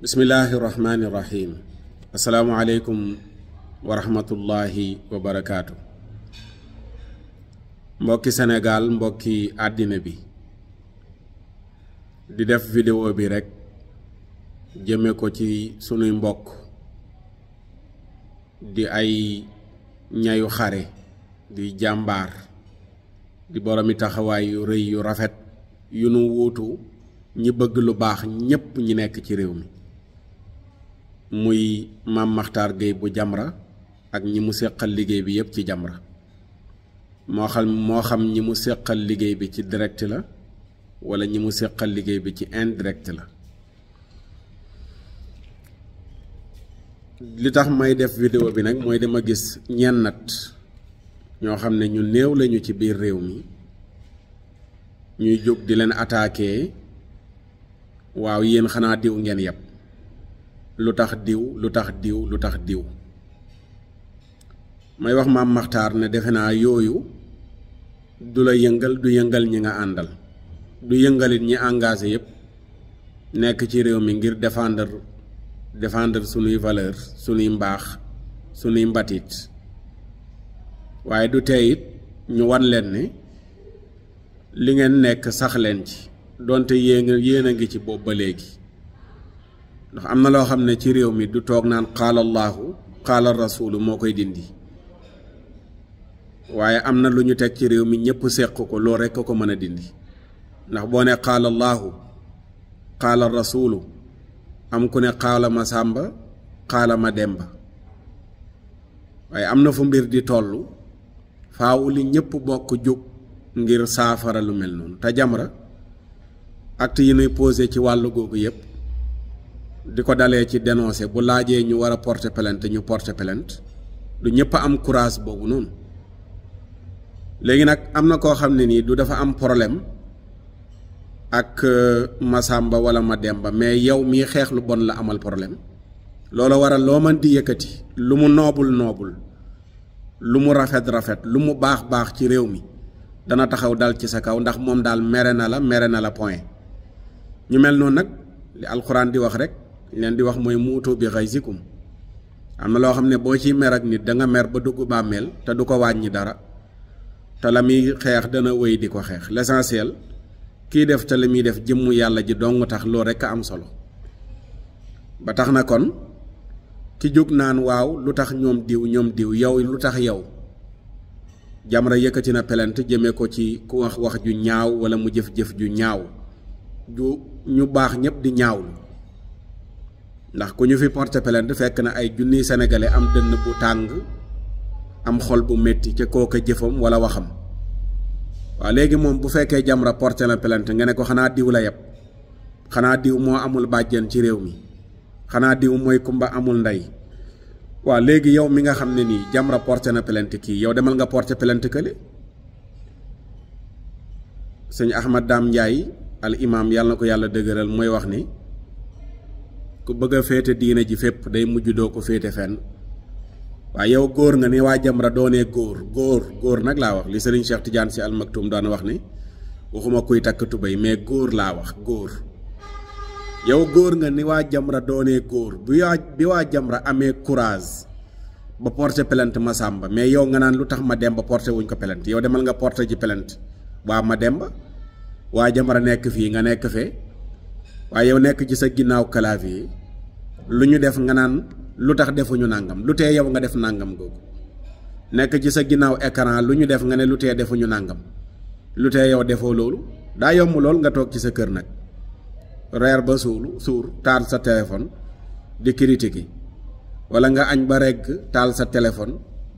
bismillaahi rahmaani rahiim asalaamualeykum wa rahmatullahi wa barakaatu. mbokki senegaal mbokki àddina bi di def vidéo bi rekk jëme ko ci sunuy mbokk di ay ñayu xare di jàmbaar di boroomi taxawaay yu rëy yu rafet yu nu wuutu ñi bëgg lu baax ñépp ñi nekk ci réew mi muy maam Makhtar Gueye bu Jamra ak ñi mu seqal liggéey bi yëpp ci Jamra moo xam moo xam ñi mu seqal liggéey bi ci direct la wala ñi mu seqal liggéey bi ci indirect la li tax may def vidéo bi nag mooy dama gis ñeen nat ñoo xam ne ñu néew lañu ci biir réew mi ñuy jóg di leen attaquer waaw yéen xanaa diw ngeen yàpp lu tax diw lu tax diw lu tax diw may wax maam maxtar ne defe naa yooyu du la yëngal du yëngal ñi nga àndal du yëngalit ñi engagé yépp nekk ci réew mi ngir défendre défendre sunuy valeur sunuy mbaax sunuy mbatit waaye du tey ñu wan leen ne li ngeen nekk sax leen ci donte yéen yéen a ngi ci bopp ba léegi ndax am na loo xam ne ci réew mi du toog naan qaala allahu qaala rasulu moo koy dindi waaye am na lu ñu teg ci réew mi ñëpp seq ko loo rekk a ko mën a dindi ndax boo ne qaala allahu qaala rasulu am ku ne qaala ma sàmba qaala ma demba waaye am na fu mbir di tollu faaw li ñëpp bokk jóg ngir saafara lu mel noonu te Jamra acte yi nuy posé ci wàll googu yëpp di ko dalee ci dénoncer bu laajee ñu war a porter plainte ñu porter plainte du ñëpp am courage boobu noonu léegi nag am na koo xam ne nii du dafa am problème ak euh, Masamba wala ba mais yow mii xeex lu bon la amal problème loola waral loo man di yëkkati lu mu noobul noobul lu mu rafet rafet lu mu baax baax ci réew mi dana taxaw dal ci sa kaw ndax moom daal mere na la mere na la point ñu mel noonu nag li alxuraan di wax rek. leen di wax mooy muutu bi xaysikum am na loo xam ne boo ciy mer ak nit danga nga mer ba dugg bàmmeel te du ko wàññi dara te la muy xeex dana wéy di ko xeex l'essentiel kii def te la muy def jëmmu yàlla ji dong tax loo rek a am solo ba tax na kon ki jóg naan waaw lu tax ñoom diw ñoom diw yow lu tax yow Jamra yëkkati na plainte jëmee ko ci ku wax wax ju ñaaw wala mu jëf-jëf ju ñaaw ju ñu baax ñëpp di ñaawlu ndax ku ñu fi porté plainte fekk na ay junniy sénégalais am dënn bu tàng am xol bu metti ca kooka jëfam wala waxam waaw léegi moom bu fekkee Jamra porté na plainte nga ne ko xanaa diw la yëpp xanaa diw moo amul bàjjen ci réew mi xanaa diw mooy kumba amul ndey waaw léegi yow mi nga xam ne nii Jamra porté na plainte kii yow demal nga porté plainte kële sëñ Ahmad daam Ndiaye al imaam yàlla na ko yàlla dëgëral mooy wax ni ku bëgg a féete diine ji fépp day mujj doo ko féete fenn waaye yow góor nga ne waa jambra doonee góor góor góor nag laa wax li Serigne Cheikh Tidiane si almaktum daan wax ni waxuma kuy takk mais góor laa wax góor yow góor nga ni waa Jamra doonee góor bi waa bi waa Jamra amee courage ba porté plainte ma sàmba mais yow nga naan lu tax ma dem ba porté wuñ ko plainte yow demal nga porte ji plainte waa ma dem ba waa Jamra nekk fii nga nekk fee waaye yow nekk ci sa ginnaaw clavier lu ñu def nga naan lu tax defuñu nangam lu tee yow nga def nangam googu nekk ci sa ginnaaw écran lu ñu def nga ne lu tee defuñu nangam lu tee yow defoo loolu daa yomb lool nga toog ci sa kër nag reer ba suulu suur taal sa téléphone di critiquer wala nga añ ba regg taal sa téléphone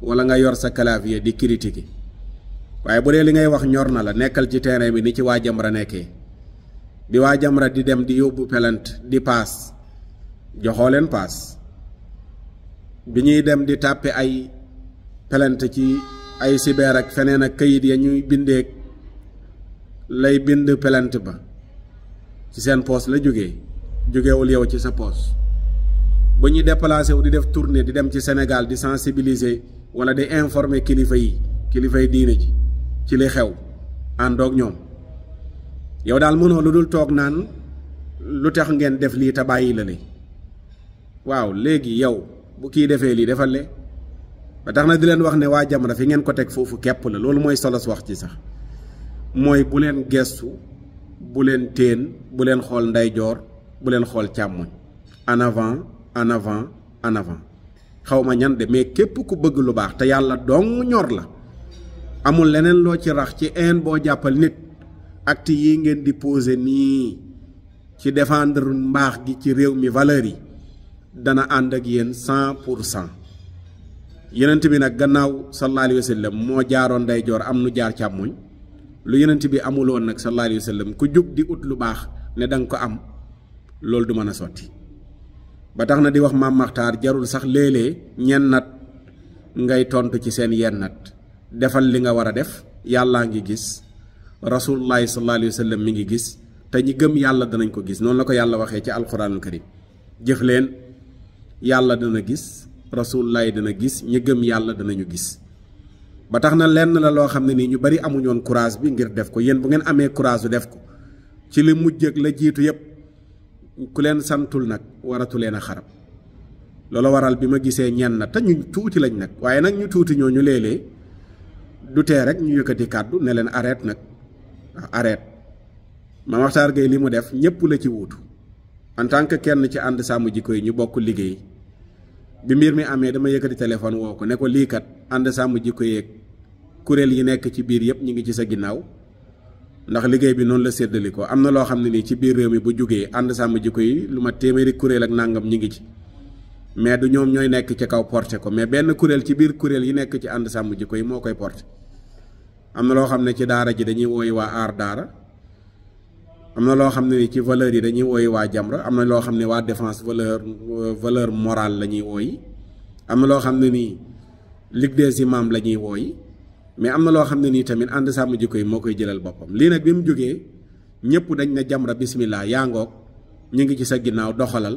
wala nga yor sa clavier di critiquer waaye bu dee li ngay wax ñor na la nekkal ci terrain bi ni ci waa Jamra nekkee bi waa jamra di dem di yóbbu pelant di paas joxoo leen paas bi ñuy dem di tàppe ay pelant ci ay sibeer ak feneen ak kayit ya ñuy bindeek lay bind pelant ba ci seen poos la jógee jógewul yow ci sa poos bu ñuy déplacé wu di def tournée di dem ci Sénégal di sensibiliser wala di informer kilifa yi kilifay yi diine ji ci li xew àndoog ñoom yow daal mënoo lu dul toog naan lu tax ngeen def lii te bàyyi la li waaw léegi yow bu kii defee lii defal le ba tax na di leen wax ne waa Jamra fi ngeen ko teg foofu képp la loolu mooy solos wax ci sax mooy bu leen gestu bu leen téen bu leen xool ndeyjoor bu leen xool càmmoñ en avant en avant en avant xaw ma ñan de mais képp ku bëgg lu baax te yàlla dong ñor la amul leneen loo ci rax ci een boo jàppal nit acte yi ngeen di posé nii ci défendre mbaax gi ci réew mi valeur yi dana ànd ak yenn sant pour cent yeneent bi nag gannaaw sallallahu alayhi wa moo jaaroon day joor am nu jaar càmmoñ lu yenent bi amuloon nag sallallahu alayhi wa sallam ku jug di ut lu baax ne danga ko am loolu du mën a sotti ba tax na di wax maam maxtaar jarul sax léeg-léeg ñen nat ngay tontu ci seen yennat defal li nga war a def yàllaa ngi gis rasulullahi sallallahu alayhi wa sallam mi ngi gis te ñi gëm yàlla danañ ko gis noonu la ko yàlla waxee ci alquranul karim jëf leen yàlla dana gis rasulullahi dana gis ñi gëm yàlla danañu gis ba tax na lenn la loo xam ne nii ñu bari amuñoon courage bi ngir def ko yéen bu ngeen amee courage def ko ci li mujj ak la jiitu yépp ku leen santul nag waratu leen a xarab loolu waral bi ma gisee ñenn na te ñu tuuti lañ nag waaye nag ñu tuuti ñooñu léeg-léeg du tee rek ñu yëkkati kàddu ne leen arrête nag ndax ma Mame Makhtar li mu def ñëpp la ci wuutu en tant que kenn ci ànd sàmm jikko yi ñu bokk liggéey bi mbir mi amee dama yëkkati téléphone woo ko ne ko lii kat ànd sàmm ko yeeg kuréel yi nekk ci biir yëpp ñu ngi ci sa ginnaaw ndax liggéey bi noonu la séddali ko am na loo xam ne nii ci biir réew mi bu jugee ànd sàmm ko yi lu ma téeméeri kuréel ak nàngam ñu ngi ci mais du ñoom ñooy nekk ci kaw porte ko mais benn kuréel ci biir kuréel yi nekk ci ànd sàmm jikko yi moo koy porté am na loo xam ne ci daara ji dañuy wooyu waa aar daara am na loo xam ne ci valeur yi dañuy wooyu waa jamra am na loo xam ne waa défense valeur valeur morale la ñuy wooyi am na loo xam ne nii ligue des imams la ñuy wooyi mais am na loo xam ne nii tamit ànd sàmm jikko yi moo koy jëlal boppam lii nag bi mu jógee ñëpp dañ ne jamra bismillah yaa ngoog ñu ngi ci sa ginnaaw doxalal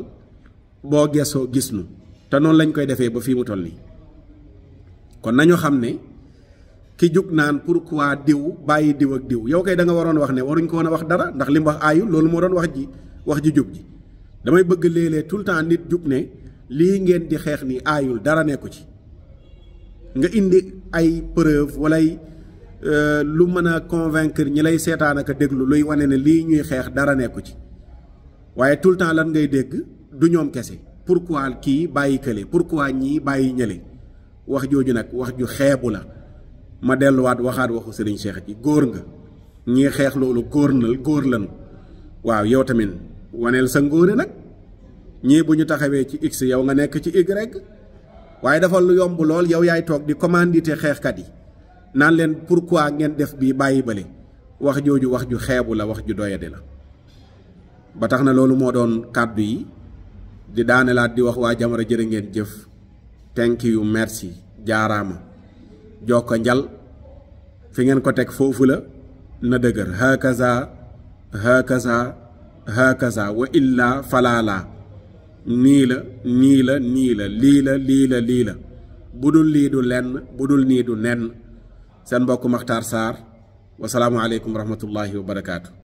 boo gesoo gis nu te noonu lañ koy defee ba fii mu toll nii kon nañu xam ne ki jug naan pour pourquoi diw bàyyi diw ak diw yow kay da nga waroon wax ne waruñ ko woon a wax dara ndax li mu wax aayu loolu moo doon wax ji wax ju jub ji damay bëgg léeg-léeg le temps nit jug ne lii ngeen di xeex ni aayul dara nekku ci nga indi ay preuve walay euh, lu mën a convaincre ñi lay seetaan ak déglu luy wane ne lii ñuy xeex dara nekku ci waaye tout le temps lan ngay dégg du ñoom kese pour pourquoi kii bàyyi kële pourquoi ñii bàyyi ñële wax jooju nag wax ju xeebu la ma delluwaat waxaat waxu sëriñ Cheikh ji góor nga ñii xeex loolu góor na góor lanu waaw yow tamit waneel sa ngóore nag ñii bu ñu taxawee ci x yow nga nekk ci y waaye dafa lu yomb lool yow yaay toog di commandité xeexkat yi naan leen pourquoi ngeen def bi bàyyi bale wax jooju wax ju xeebu la wax ju doyadi la ba tax na loolu moo doon kàddu yi di daanelaat di wax waa Jamra jërë ngeen jëf thank you merci jaaraama jokko njal fi ngeen ko teg foofu la na dëgër hakaza hakaza hakaza wa illa falala nii la nii la nii la lii la lii la lii la bu dul lii du lenn bu dul nii du nenn seen mbokk Makhtar Sarr wasalaamualeykum wa rahmatullahi wa barakaatu.